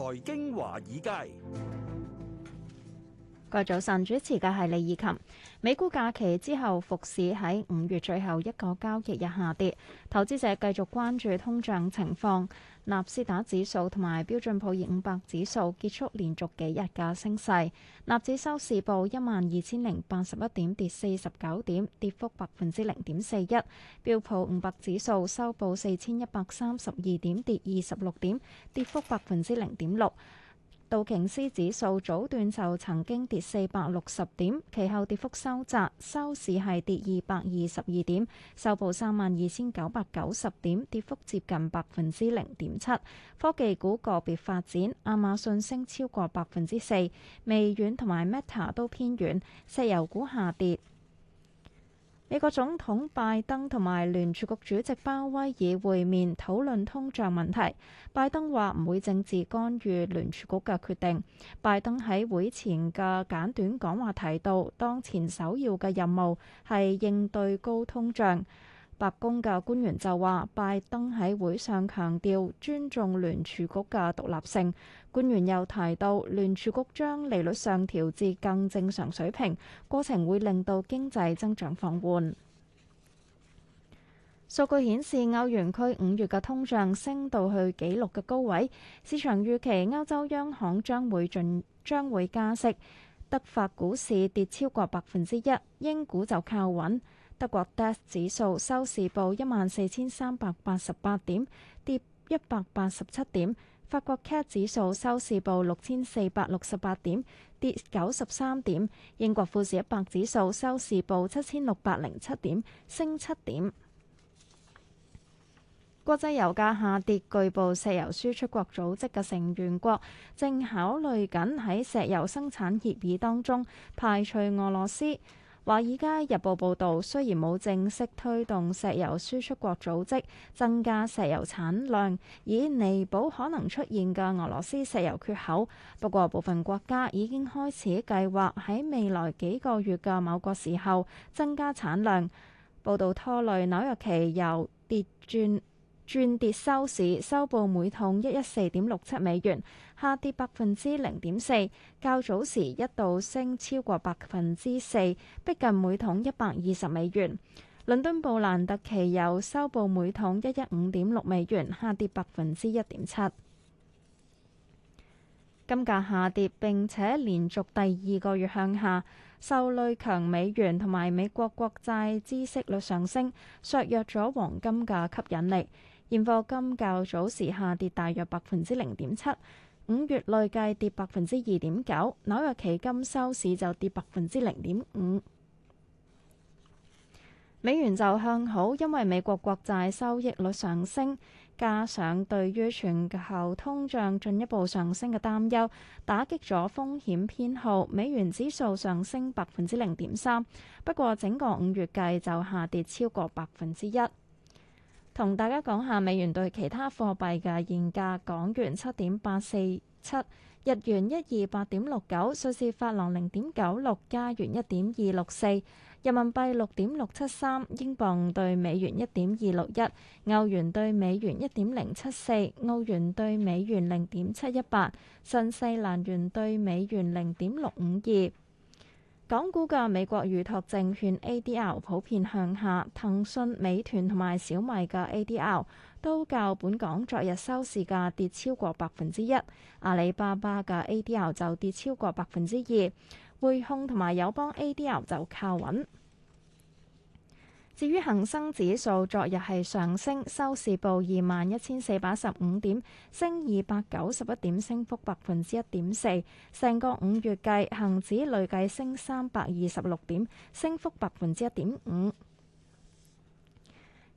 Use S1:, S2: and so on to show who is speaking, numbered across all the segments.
S1: 財經華爾街。
S2: 各位早晨，主持嘅係李怡琴。美股假期之後，復市喺五月最後一個交易日下跌，投資者繼續關注通脹情況，納斯達克指數同埋標準普爾五百指數結束連續幾日嘅升勢，納指收市報一萬二千零八十一點，跌四十九點，跌幅百分之零點四一。標普五百指數收報四千一百三十二點，跌二十六點，跌幅百分之零點六。道瓊斯指數早段就曾經跌四百六十點，其後跌幅收窄，收市係跌二百二十二點，收報三萬二千九百九十點，跌幅接近百分之零點七。科技股個別發展，亞馬遜升超過百分之四，微軟同埋 Meta 都偏軟，石油股下跌。美國總統拜登同埋聯儲局主席鮑威爾會面討論通脹問題。拜登話唔會政治干預聯儲局嘅決定。拜登喺會前嘅簡短講話提到，當前首要嘅任務係應對高通脹。白宮嘅官員就話，拜登喺會上強調尊重聯儲局嘅獨立性。官員又提到，聯儲局將利率上調至更正常水平，過程會令到經濟增長放緩。數據顯示，歐元區五月嘅通脹升到去紀錄嘅高位，市場預期歐洲央行將會進，將會加息。德法股市跌超過百分之一，英股就靠穩。德國 DAX 指數收市報一萬四千三百八十八點，跌一百八十七點。法國 CAC 指數收市報六千四百六十八點，跌九十三點。英國富時一百指數收市報七千六百零七點，升七點。國際油價下跌，據報石油輸出國組織嘅成員國正考慮緊喺石油生產協議當中排除俄羅斯。《華爾街日報》報導，雖然冇正式推動石油輸出國組織增加石油產量，以彌補可能出現嘅俄羅斯石油缺口，不過部分國家已經開始計劃喺未來幾個月嘅某個時候增加產量。報導拖累紐約期油跌轉。轉跌收市，收報每桶一一四點六七美元，下跌百分之零點四。較早時一度升超過百分之四，逼近每桶一百二十美元。倫敦布蘭特期油收報每桶一一五點六美元，下跌百分之一點七。金價下跌，並且連續第二個月向下。受累強美元同埋美國國債孳息率上升，削弱咗黃金嘅吸引力。現貨金較早時下跌大約百分之零點七，五月累計跌百分之二點九。紐約期金收市就跌百分之零點五。美元就向好，因為美國國債收益率上升，加上對於全球通脹進一步上升嘅擔憂，打擊咗風險偏好。美元指數上升百分之零點三，不過整個五月計就下跌超過百分之一。同大家講下美元對其他貨幣嘅現價：港元七點八四七，日元一二八點六九，瑞士法郎零點九六，加元一點二六四，人民幣六點六七三，英鎊對美元一點二六一，歐元對美元一點零七四，澳元對美元零點七一八，新西蘭元對美元零點六五二。港股嘅美國預託證券 ADR 普遍向下，騰訊、美團同埋小米嘅 ADR 都較本港昨日收市價跌超過百分之一，阿里巴巴嘅 ADR 就跌超過百分之二，匯控同埋友邦 ADR 就靠穩。至於恒生指數，昨日係上升，收市報二萬一千四百一十五點，升二百九十一點，升幅百分之一點四。成個五月計，恒指累計升三百二十六點，升幅百分之一點五。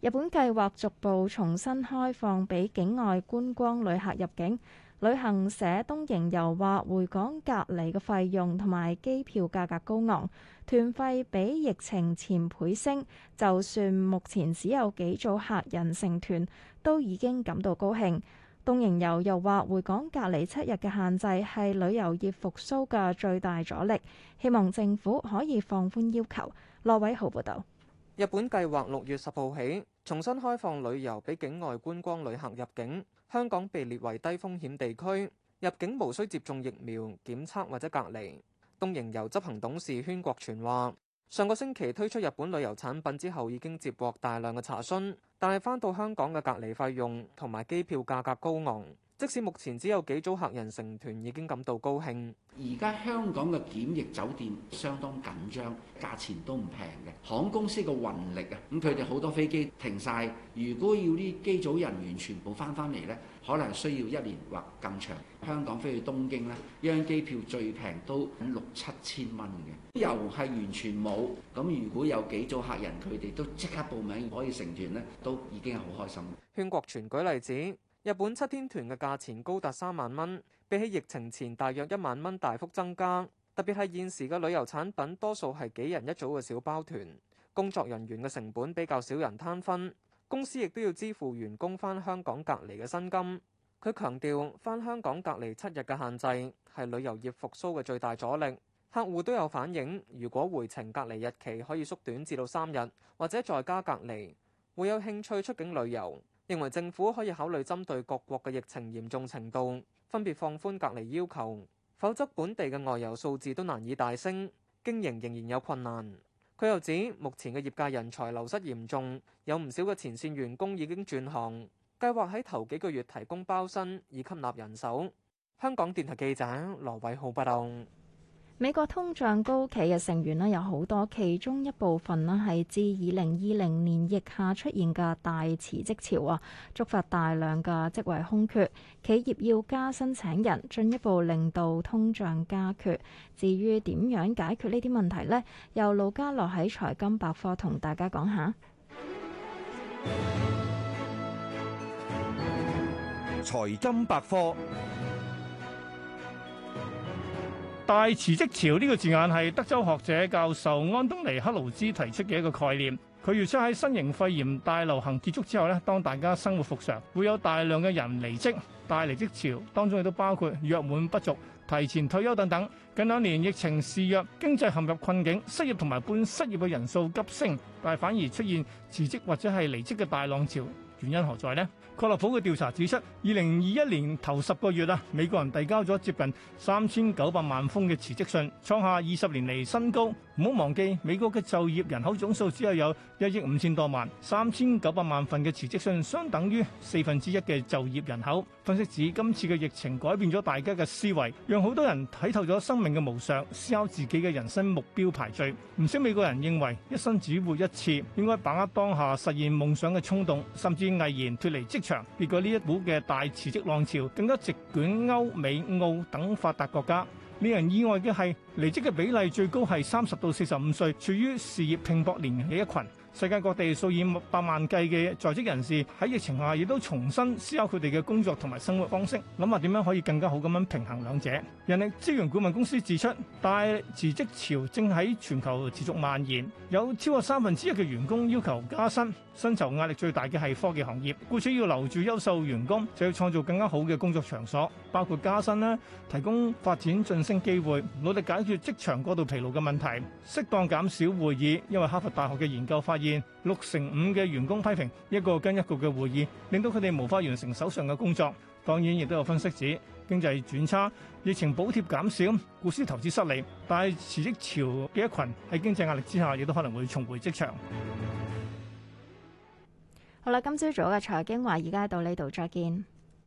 S2: 日本計劃逐步重新開放俾境外觀光旅客入境。旅行社東瀛遊話，回港隔離嘅費用同埋機票價格高昂。團費比疫情前倍升，就算目前只有幾組客人成團，都已經感到高興。東瀛遊又話，回港隔離七日嘅限制係旅遊業復甦嘅最大阻力，希望政府可以放寬要求。羅偉豪報道，
S3: 日本計劃六月十號起重新開放旅遊俾境外觀光旅客入境，香港被列為低風險地區，入境無需接種疫苗檢測或者隔離。東瀛遊執行董事禤國全話，上個星期推出日本旅遊產品之後，已經接獲大量嘅查詢，但係返到香港嘅隔離費用同埋機票價格高昂。即使目前只有幾組客人成團已經感到高興，而家香港嘅檢疫酒店相當緊張，價錢都唔平嘅。航空公司個運力啊，咁佢哋好多飛機停晒，如果要啲機組人員全部翻翻嚟咧，可能需要一年或更長。香港飛去東京咧，一張機票最平都六七千蚊嘅，又係完全冇。咁如果有幾組客人佢哋都即刻報名可以成團咧，都已經係好開心啦。宣國全舉例子。日本七天團嘅價錢高達三萬蚊，比起疫情前大約一萬蚊大幅增加。特別係現時嘅旅遊產品，多數係幾人一組嘅小包團，工作人員嘅成本比較少人攤分。公司亦都要支付員工返香港隔離嘅薪金。佢強調，返香港隔離七日嘅限制係旅遊業復甦嘅最大阻力。客戶都有反映，如果回程隔離日期可以縮短至到三日，或者在家隔離，會有興趣出境旅遊。認為政府可以考慮針對各國嘅疫情嚴重程度，分別放寬隔離要求，否則本地嘅外遊數字都難以大升，經營仍然有困難。佢又指，目前嘅業界人才流失嚴重，有唔少嘅前線員工已經轉行，計劃喺頭幾個月提供包薪以吸納人手。香港電台記者羅偉浩報道。
S2: 美國通脹高企嘅成員咧有好多，其中一部分咧係自二零二零年疫下出現嘅大辭職潮啊，觸發大量嘅職位空缺，企業要加薪請人，進一步令到通脹加缺。至於點樣解決呢啲問題咧？由盧家樂喺財金百科同大家講下。
S1: 財金百科。大辭職潮呢、這個字眼係德州學者教授安東尼克勞茲提出嘅一個概念。佢預測喺新型肺炎大流行結束之後咧，當大家生活復常，會有大量嘅人離職，大離職潮當中亦都包括約滿不續、提前退休等等。近兩年疫情肆虐，經濟陷入困境，失業同埋半失業嘅人數急升，但係反而出現辭職或者係離職嘅大浪潮。原因何在呢？蓋洛普嘅調查指出，二零二一年頭十個月啊，美國人遞交咗接近三千九百萬封嘅辭職信，創下二十年嚟新高。唔好忘記，美國嘅就業人口總數只有有一億五千多萬，三千九百萬份嘅辭職信相等於四分之一嘅就業人口。分析指今次嘅疫情改變咗大家嘅思維，讓好多人睇透咗生命嘅無常，思考自己嘅人生目標排序。唔少美國人認為，一生只活一次，應該把握當下實現夢想嘅衝動，甚至，毅然脫離職場，結果呢一股嘅大辭職浪潮，更加席捲歐美澳等發達國家，令人意外嘅係。離職嘅比例最高係三十到四十五歲，處於事業拼搏年齡嘅一群。世界各地數以百萬計嘅在職人士喺疫情下，亦都重新思考佢哋嘅工作同埋生活方式，諗下點樣可以更加好咁樣平衡兩者。人力資源顧問公司指出，大辭職潮正喺全球持續蔓延，有超過三分之一嘅員工要求加薪。薪酬壓力最大嘅係科技行業。雇主要留住優秀員工，就要創造更加好嘅工作場所，包括加薪啦，提供發展晉升機會，努力解住職場過度疲勞嘅問題，適當減少會議。因為哈佛大學嘅研究發現，六成五嘅員工批評一個跟一個嘅會議，令到佢哋無法完成手上嘅工作。當然，亦都有分析指經濟轉差、疫情補貼減少、股市投資失利，但係辭職潮嘅一群喺經濟壓力之下，亦都可能會重回職場。
S2: 好啦，今朝早嘅財經話，而家到呢度再見。